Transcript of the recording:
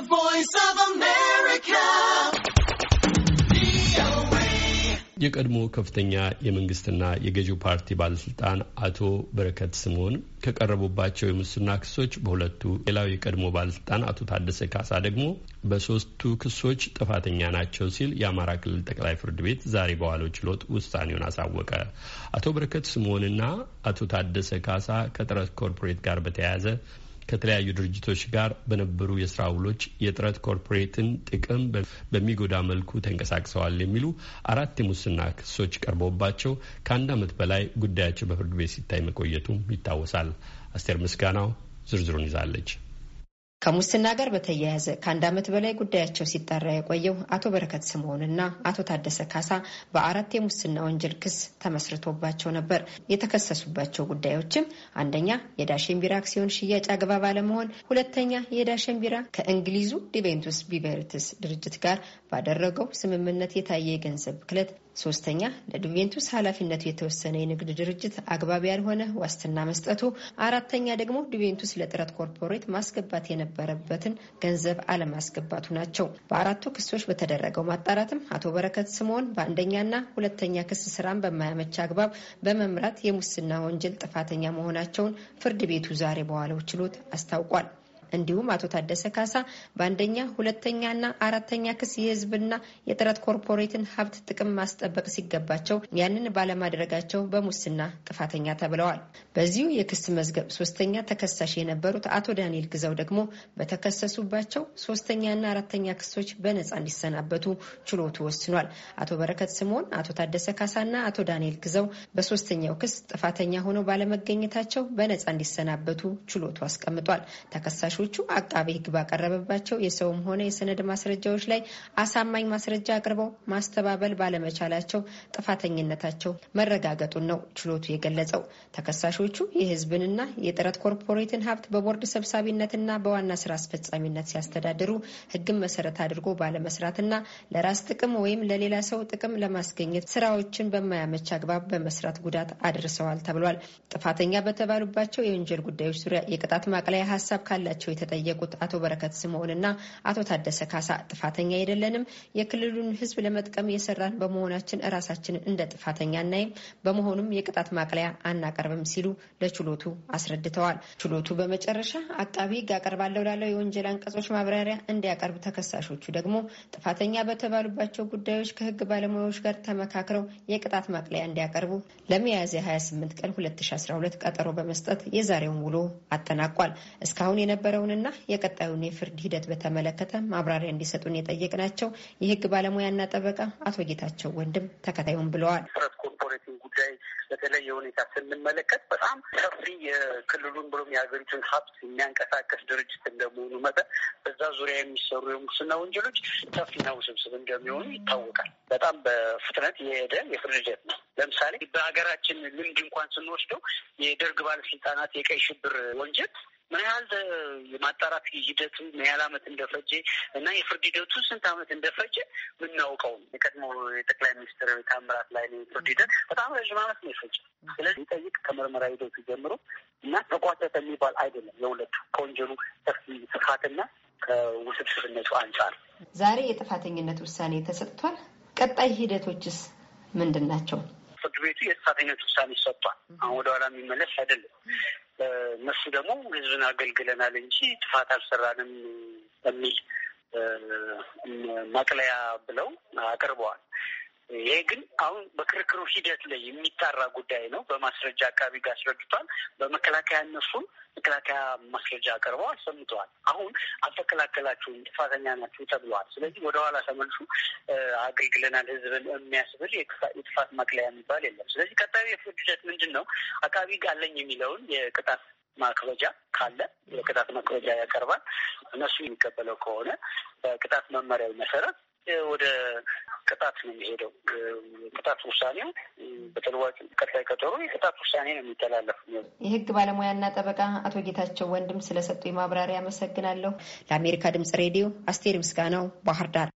The የቀድሞ ከፍተኛ የመንግስትና የገዢው ፓርቲ ባለስልጣን አቶ በረከት ስምኦን ከቀረቡባቸው የሙስና ክሶች በሁለቱ፣ ሌላው የቀድሞ ባለስልጣን አቶ ታደሰ ካሳ ደግሞ በሶስቱ ክሶች ጥፋተኛ ናቸው ሲል የአማራ ክልል ጠቅላይ ፍርድ ቤት ዛሬ በዋለው ችሎት ውሳኔውን አሳወቀ። አቶ በረከት ስምኦንና አቶ ታደሰ ካሳ ከጥረት ኮርፖሬት ጋር በተያያዘ ከተለያዩ ድርጅቶች ጋር በነበሩ የስራ ውሎች የጥረት ኮርፖሬትን ጥቅም በሚጎዳ መልኩ ተንቀሳቅሰዋል የሚሉ አራት የሙስና ክሶች ቀርበውባቸው ከአንድ ዓመት በላይ ጉዳያቸው በፍርድ ቤት ሲታይ መቆየቱም ይታወሳል። አስቴር ምስጋናው ዝርዝሩን ይዛለች። ከሙስና ጋር በተያያዘ ከአንድ ዓመት በላይ ጉዳያቸው ሲጣራ የቆየው አቶ በረከት ስምዖንና አቶ ታደሰ ካሳ በአራት የሙስና ወንጀል ክስ ተመስርቶባቸው ነበር። የተከሰሱባቸው ጉዳዮችም አንደኛ የዳሽን ቢራ አክሲዮን ሽያጭ አግባብ አለመሆን፣ ሁለተኛ የዳሽን ቢራ ከእንግሊዙ ዲቬንቱስ ቢቨርትስ ድርጅት ጋር ባደረገው ስምምነት የታየ የገንዘብ ክለት ሶስተኛ ለዲቬንቱስ ኃላፊነቱ የተወሰነ የንግድ ድርጅት አግባብ ያልሆነ ዋስትና መስጠቱ፣ አራተኛ ደግሞ ዲቬንቱስ ለጥረት ኮርፖሬት ማስገባት የነበ የነበረበትን ገንዘብ አለማስገባቱ ናቸው። በአራቱ ክሶች በተደረገው ማጣራትም አቶ በረከት ስምኦን በአንደኛና ሁለተኛ ክስ ስራን በማያመች አግባብ በመምራት የሙስና ወንጀል ጥፋተኛ መሆናቸውን ፍርድ ቤቱ ዛሬ በዋለው ችሎት አስታውቋል። እንዲሁም አቶ ታደሰ ካሳ በአንደኛ ሁለተኛና አራተኛ ክስ የህዝብና የጥረት ኮርፖሬትን ሀብት ጥቅም ማስጠበቅ ሲገባቸው ያንን ባለማድረጋቸው በሙስና ጥፋተኛ ተብለዋል። በዚሁ የክስ መዝገብ ሶስተኛ ተከሳሽ የነበሩት አቶ ዳንኤል ግዛው ደግሞ በተከሰሱባቸው ሶስተኛና አራተኛ ክሶች በነፃ እንዲሰናበቱ ችሎቱ ወስኗል። አቶ በረከት ስምኦን፣ አቶ ታደሰ ካሳና አቶ ዳንኤል ግዛው በሶስተኛው ክስ ጥፋተኛ ሆነው ባለመገኘታቸው በነፃ እንዲሰናበቱ ችሎቱ አስቀምጧል። ተከሳሹ ከሳሾቹ አቃቤ ሕግ ባቀረበባቸው የሰውም ሆነ የሰነድ ማስረጃዎች ላይ አሳማኝ ማስረጃ አቅርበው ማስተባበል ባለመቻላቸው ጥፋተኝነታቸው መረጋገጡን ነው ችሎቱ የገለጸው። ተከሳሾቹ የህዝብንና የጥረት ኮርፖሬትን ሀብት በቦርድ ሰብሳቢነትና በዋና ስራ አስፈጻሚነት ሲያስተዳድሩ ሕግን መሰረት አድርጎ ባለመስራትና ለራስ ጥቅም ወይም ለሌላ ሰው ጥቅም ለማስገኘት ስራዎችን በማያመች አግባብ በመስራት ጉዳት አድርሰዋል ተብሏል። ጥፋተኛ በተባሉባቸው የወንጀል ጉዳዮች ዙሪያ የቅጣት ማቅለያ ሀሳብ ካላቸው በጉዳያቸው የተጠየቁት አቶ በረከት ስምዖንና አቶ ታደሰ ካሳ ጥፋተኛ አይደለንም፣ የክልሉን ህዝብ ለመጥቀም የሰራን በመሆናችን እራሳችንን እንደ ጥፋተኛ እናይም፣ በመሆኑም የቅጣት ማቅለያ አናቀርብም ሲሉ ለችሎቱ አስረድተዋል። ችሎቱ በመጨረሻ አቃቢ ህግ አቀርባለሁ ላለው የወንጀል አንቀጾች ማብራሪያ እንዲያቀርብ፣ ተከሳሾቹ ደግሞ ጥፋተኛ በተባሉባቸው ጉዳዮች ከህግ ባለሙያዎች ጋር ተመካክረው የቅጣት ማቅለያ እንዲያቀርቡ ለሚያዝያ 28 ቀን 2012 ቀጠሮ በመስጠት የዛሬውን ውሎ አጠናቋል። እስካሁን የነበረው የነበረውንና የቀጣዩን የፍርድ ሂደት በተመለከተ ማብራሪያ እንዲሰጡን የጠየቅናቸው የህግ ባለሙያና ጠበቃ አቶ ጌታቸው ወንድም ተከታዩን ብለዋል። ጉዳይ በተለየ ሁኔታ ስንመለከት በጣም ሰፊ የክልሉን ብሎም የሀገሪቱን ሀብት የሚያንቀሳቀስ ድርጅት እንደመሆኑ መጠን በዛ ዙሪያ የሚሰሩ የሙስና ወንጀሎች ሰፊና ውስብስብ እንደሚሆኑ ይታወቃል። በጣም በፍጥነት የሄደ የፍርድ ሂደት ነው። ለምሳሌ በሀገራችን ልምድ እንኳን ስንወስደው የደርግ ባለስልጣናት የቀይ ሽብር ወንጀል የማጣራት ሂደቱ ያህል አመት እንደፈጀ እና የፍርድ ሂደቱ ስንት አመት እንደፈጀ የምናውቀው የቀድሞ የጠቅላይ ሚኒስትር ታምራት ላይ ነው። የፍርድ ሂደት በጣም ረዥም አመት ነው የፈጀ። ስለዚህ ጠይቅ ከምርመራ ሂደቱ ጀምሮ እና ተቋጨተ የሚባል አይደለም። የሁለቱ ከወንጀሉ ሰፊ ስፋትና ከውስብስብነቱ አንጻር ዛሬ የጥፋተኝነት ውሳኔ ተሰጥቷል። ቀጣይ ሂደቶችስ ምንድን ናቸው? ፍርድ ቤቱ የጥፋተኝነት ውሳኔ ሰጥቷል። አሁን ወደኋላ የሚመለስ አይደለም። እነሱ ደግሞ ህዝብን አገልግለናል እንጂ ጥፋት አልሰራንም የሚል መቅለያ ብለው አቅርበዋል። ይሄ ግን አሁን በክርክሩ ሂደት ላይ የሚጣራ ጉዳይ ነው። በማስረጃ አቃቢ ጋር አስረድቷል። በመከላከያ እነሱም መከላከያ ማስረጃ አቅርበው አሰምተዋል። አሁን አልተከላከላችሁም፣ ጥፋተኛ ናችሁ ተብለዋል። ስለዚህ ወደኋላ ተመልሱ፣ አገልግለናል ህዝብን የሚያስብል የጥፋት መክለያ የሚባል የለም። ስለዚህ ቀጣዩ የፍርድ ሂደት ምንድን ነው? አቃቢ ጋለኝ አለኝ የሚለውን የቅጣት ማክበጃ ካለ የቅጣት ማክበጃ ያቀርባል። እነሱ የሚቀበለው ከሆነ በቅጣት መመሪያው መሰረት ወደ ቅጣት ነው የሚሄደው። ቅጣት ውሳኔው በተለዋጭ ቀጣይ ቀጠሮ የቅጣት ውሳኔ ነው የሚተላለፍ። የህግ ባለሙያና ጠበቃ አቶ ጌታቸው ወንድም ስለሰጡ የማብራሪያ አመሰግናለሁ። ለአሜሪካ ድምጽ ሬዲዮ አስቴር ምስጋናው ባህር ዳር።